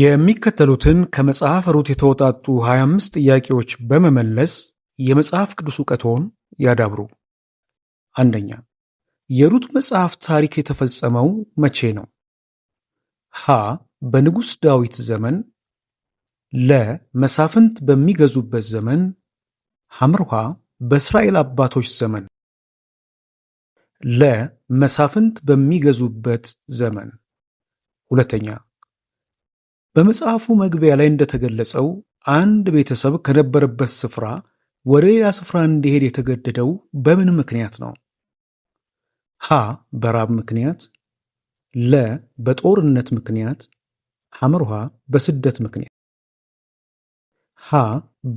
የሚከተሉትን ከመጽሐፍ ሩት የተወጣጡ 25 ጥያቄዎች በመመለስ የመጽሐፍ ቅዱስ እውቀቶን ያዳብሩ። አንደኛ የሩት መጽሐፍ ታሪክ የተፈጸመው መቼ ነው? ሀ በንጉሥ ዳዊት ዘመን፣ ለ መሳፍንት በሚገዙበት ዘመን፣ ሐምርሃ በእስራኤል አባቶች ዘመን። ለ መሳፍንት በሚገዙበት ዘመን። ሁለተኛ በመጽሐፉ መግቢያ ላይ እንደተገለጸው አንድ ቤተሰብ ከነበረበት ስፍራ ወደ ሌላ ስፍራ እንዲሄድ የተገደደው በምን ምክንያት ነው? ሀ በራብ ምክንያት፣ ለ በጦርነት ምክንያት፣ ሐመርሃ በስደት ምክንያት። ሀ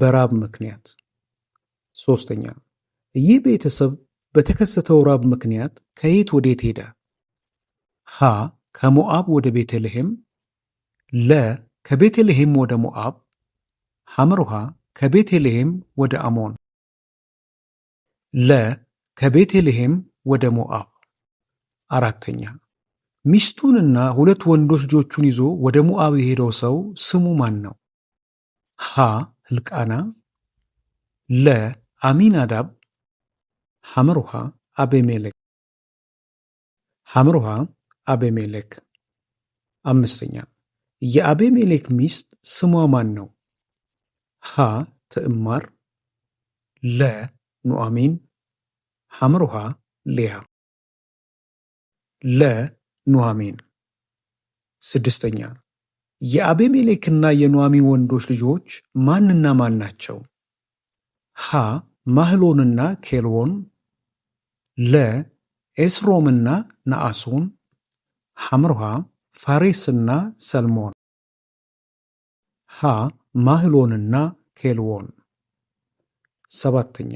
በራብ ምክንያት። ሶስተኛ ይህ ቤተሰብ በተከሰተው ራብ ምክንያት ከየት ወዴት ሄደ? ሀ ከሞዓብ ወደ ቤተልሔም ለ ከቤተልሔም ወደ ሞዓብ፣ ሐምሩሃ ከቤተልሔም ወደ አሞን። ለ ከቤተልሔም ወደ ሞዓብ። አራተኛ ሚስቱንና ሁለት ወንዶች ልጆቹን ይዞ ወደ ሞዓብ የሄደው ሰው ስሙ ማን ነው? ሀ ሕልቃና፣ ለ አሚናዳብ፣ ሐምሩሃ አቤሜሌክ። ሐምሩሃ አቤሜሌክ። አምስተኛ የአቤሜሌክ ሚስት ስሟ ማን ነው? ሀ ትዕማር፣ ለ ኑአሚን፣ ሐምሩሃ ሊያ። ለ ኑአሚን። ስድስተኛ የአቤሜሌክና የኑአሚን ወንዶች ልጆች ማንና ማን ናቸው? ሀ ማህሎንና ኬልዎን፣ ለ ኤስሮምና ነአሶን፣ ሐምሩሃ? ፋሬስና ሰልሞን ሀ ማህሎንና ኬልዎን ሰባተኛ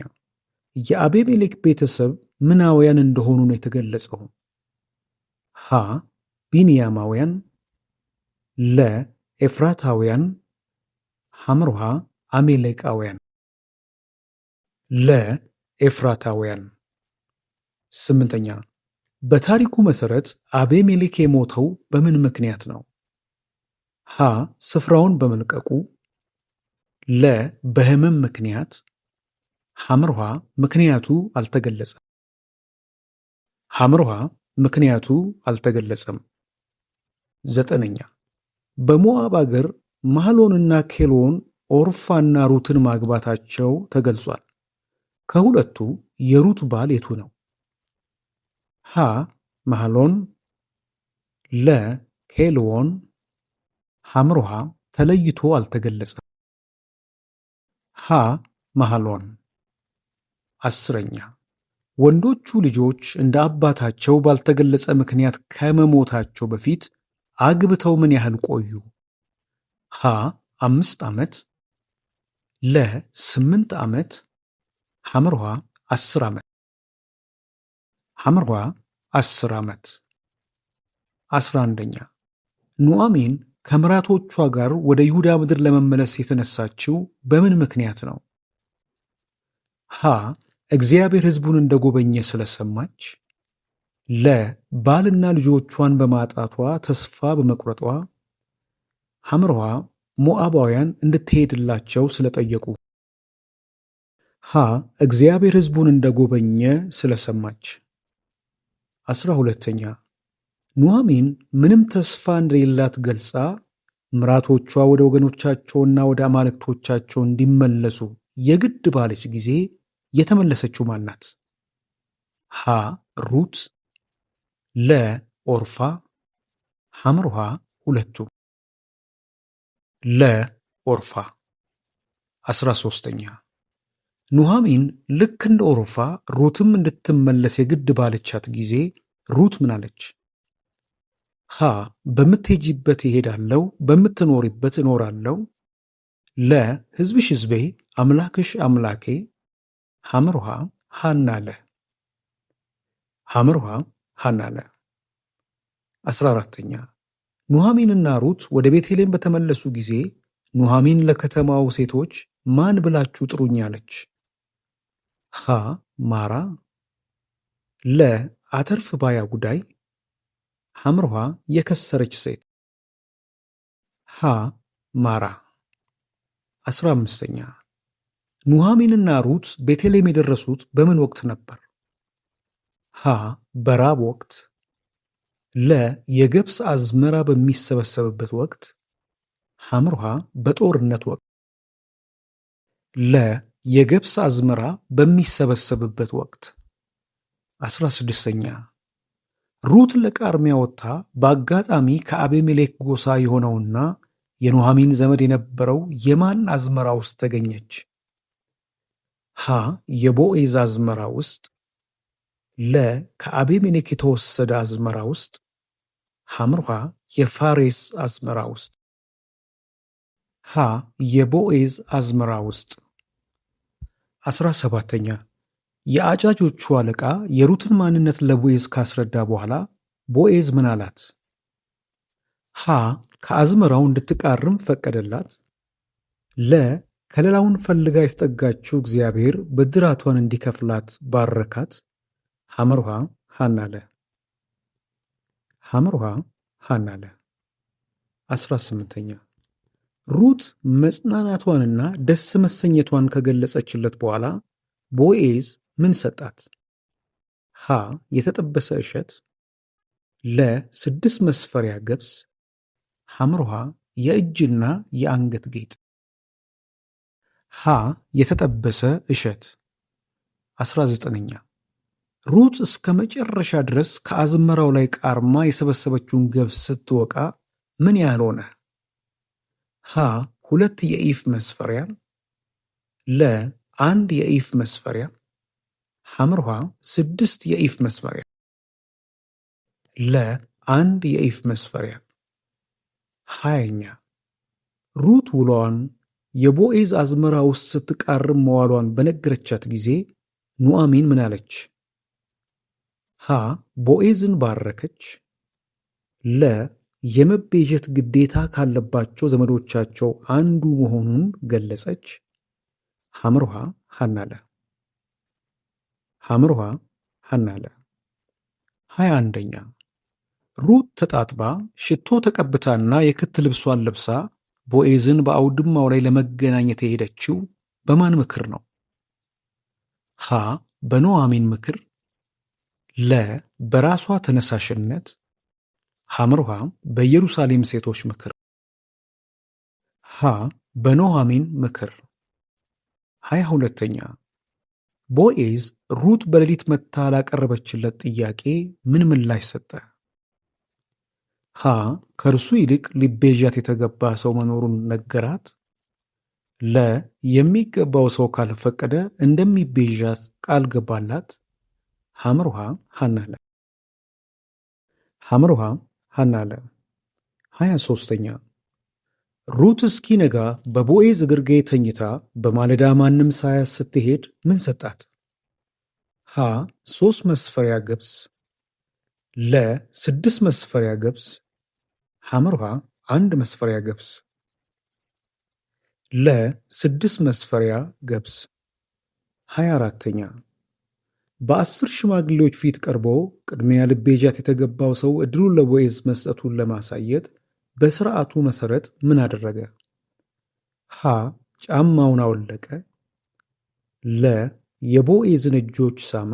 የአቤሜሌክ ቤተሰብ ምናውያን እንደሆኑ ነው የተገለጸው። ሀ ቢንያማውያን፣ ለ ኤፍራታውያን፣ ሐምርሃ አሜሌቃውያን ለ ኤፍራታውያን። ስምንተኛ በታሪኩ መሠረት አቤሜሌክ የሞተው በምን ምክንያት ነው? ሀ. ስፍራውን በመልቀቁ ለ. በህመም ምክንያት ሐምርሃ ምክንያቱ አልተገለጸም። ሐምርሃ ምክንያቱ አልተገለጸም። ዘጠነኛ በሞዓብ አገር ማህሎንና ኬሎን ኦርፋና ሩትን ማግባታቸው ተገልጿል። ከሁለቱ የሩት ባል የቱ ነው? ሀ መሃሎን ለ ኬልዎን ሐምሮሃ ተለይቶ አልተገለጸም። ሀ መሃሎን አስረኛ ወንዶቹ ልጆች እንደ አባታቸው ባልተገለጸ ምክንያት ከመሞታቸው በፊት አግብተው ምን ያህል ቆዩ? ሀ አምስት ዓመት ለ ስምንት ዓመት ሐምሮሃ አስር ዓመት ሐምርዋ አስር ዓመት። አስራ አንደኛ ኑዓሚን ከምራቶቿ ጋር ወደ ይሁዳ ምድር ለመመለስ የተነሳችው በምን ምክንያት ነው? ሀ እግዚአብሔር ሕዝቡን እንደጎበኘ ስለሰማች፣ ለ ባልና ልጆቿን በማጣቷ ተስፋ በመቁረጧ፣ ሐምርሃ ሞዓባውያን እንድትሄድላቸው ስለጠየቁ። ሀ እግዚአብሔር ሕዝቡን እንደጎበኘ ስለሰማች አስራ ሁለተኛ ኑኃሚን ምንም ተስፋ እንደሌላት ገልጻ ምራቶቿ ወደ ወገኖቻቸውና ወደ አማልክቶቻቸው እንዲመለሱ የግድ ባለች ጊዜ የተመለሰችው ማናት? ሀ ሩት፣ ለ ኦርፋ፣ ሐምርሃ ሁለቱ። ለ ኦርፋ። አስራ ሦስተኛ ኑሃሚን ልክ እንደ ኦሮፋ ሩትም እንድትመለስ የግድ ባለቻት ጊዜ ሩት ምን አለች? ሀ በምትሄጂበት ይሄዳለው በምትኖሪበት እኖራለው ለ ህዝብሽ ህዝቤ አምላክሽ አምላኬ። ሐምርሃ ሃናለ ሐምርሃ ሃናለ። አስራ አራተኛ ኑሃሚንና ሩት ወደ ቤተልሔም በተመለሱ ጊዜ ኑሃሚን ለከተማው ሴቶች ማን ብላችሁ ጥሩኝ አለች? ሀ ማራ ለ አተርፍ ባያ ጉዳይ ሐምርሃ የከሰረች ሴት ሀ ማራ አስራ አምስተኛ ኑሃሚንና ሩት ቤተልሔም የደረሱት በምን ወቅት ነበር? ሀ በራብ ወቅት ለ የገብስ አዝመራ በሚሰበሰብበት ወቅት ሐምርሃ በጦርነት ወቅት ለ የገብስ አዝመራ በሚሰበሰብበት ወቅት አስራ ስድስተኛ ሩት ለቃርሚያ ወጥታ በአጋጣሚ ከአቤሜሌክ ጎሳ የሆነውና የኑኃሚን ዘመድ የነበረው የማን አዝመራ ውስጥ ተገኘች? ሀ የቦኤዝ አዝመራ ውስጥ፣ ለ ከአቤሜሌክ የተወሰደ አዝመራ ውስጥ፣ ሐምርኋ የፋሬስ አዝመራ ውስጥ። ሀ የቦኤዝ አዝመራ ውስጥ አስራ ሰባተኛ የአጫጆቹ አለቃ የሩትን ማንነት ለቦኤዝ ካስረዳ በኋላ ቦኤዝ ምን አላት? ሀ ከአዝመራው እንድትቃርም ፈቀደላት። ለ ከለላውን ፈልጋ የተጠጋችው እግዚአብሔር ብድራቷን እንዲከፍላት ባረካት። ሐመርሃ ሐናለ ሐመርሃ ሐናለ አስራ ስምንተኛ ሩት መጽናናቷንና ደስ መሰኘቷን ከገለጸችለት በኋላ ቦኤዝ ምን ሰጣት? ሀ የተጠበሰ እሸት፣ ለ ስድስት መስፈሪያ ገብስ፣ ሐምርሃ የእጅና የአንገት ጌጥ። ሀ የተጠበሰ እሸት 19ኛ ሩት እስከ መጨረሻ ድረስ ከአዝመራው ላይ ቃርማ የሰበሰበችውን ገብስ ስትወቃ ምን ያህል ሆነ? ሀ ሁለት የኢፍ መስፈሪያ፣ ለ አንድ የኢፍ መስፈሪያ፣ ሐምርሃ ስድስት የኢፍ መስፈሪያ። ለ አንድ የኢፍ መስፈሪያ። ሀያኛ ሩት ውሏን የቦኤዝ አዝመራ ውስጥ ስትቃርም መዋሏን በነገረቻት ጊዜ ኑአሚን ምን አለች? ሀ ቦኤዝን ባረከች። ለ የመቤዠት ግዴታ ካለባቸው ዘመዶቻቸው አንዱ መሆኑን ገለጸች። ሐምርሃ ሐናለ ሐምርሃ ሐናለ ሀያ አንደኛ ሩት ተጣጥባ ሽቶ ተቀብታና የክት ልብሷን ለብሳ ቦኤዝን በአውድማው ላይ ለመገናኘት የሄደችው በማን ምክር ነው? ሀ በኖአሚን ምክር፣ ለ በራሷ ተነሳሽነት ሐምርሃ በኢየሩሳሌም ሴቶች ምክር ሀ በኖሃሚን ምክር ሀያ ሁለተኛ ቦኤዝ ሩት በሌሊት መታ ላቀረበችለት ጥያቄ ምን ምላሽ ሰጠ? ሀ ከእርሱ ይልቅ ሊቤዣት የተገባ ሰው መኖሩን ነገራት። ለ የሚገባው ሰው ካልፈቀደ እንደሚቤዣት ቃል ገባላት። ሐምርሃ ሀነለ ሐምርሃ ሐና አለ። ሀያ ሦስተኛ ሩት እስኪነጋ በቦኤዝ እግርጌ ተኝታ በማለዳ ማንም ሳያስ ስትሄድ ምን ሰጣት? ሀ ሦስት መስፈሪያ ገብስ፣ ለ ስድስት መስፈሪያ ገብስ፣ ሐመርሃ አንድ መስፈሪያ ገብስ። ለ ስድስት መስፈሪያ ገብስ። ሀያ አራተኛ በአስር ሽማግሌዎች ፊት ቀርቦ ቅድሚያ ልቤጃት የተገባው ሰው ዕድሉን ለቦኤዝ መስጠቱን ለማሳየት በሥርዓቱ መሠረት ምን አደረገ? ሀ ጫማውን አወለቀ፣ ለ የቦኤዝን እጆች ሳመ፣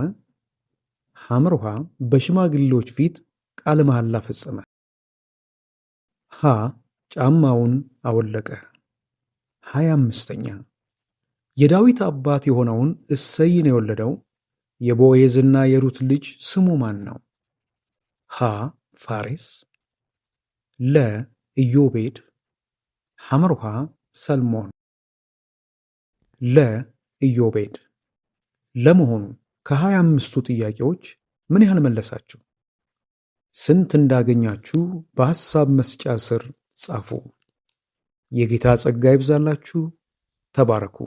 ሐምር ውሃ በሽማግሌዎች ፊት ቃለ መሐላ ፈጸመ። ሀ ጫማውን አወለቀ። ሀያ አምስተኛ የዳዊት አባት የሆነውን እሰይን የወለደው የቦዔዝና የሩት ልጅ ስሙ ማን ነው? ሀ. ፋሬስ ለ. ኢዮቤድ ሐምርሃ ሰልሞን ለ. ኢዮቤድ ለመሆኑ ከሀያ አምስቱ ጥያቄዎች ምን ያህል መለሳችሁ? ስንት እንዳገኛችሁ በሐሳብ መስጫ ስር ጻፉ። የጌታ ጸጋ ይብዛላችሁ። ተባረኩ።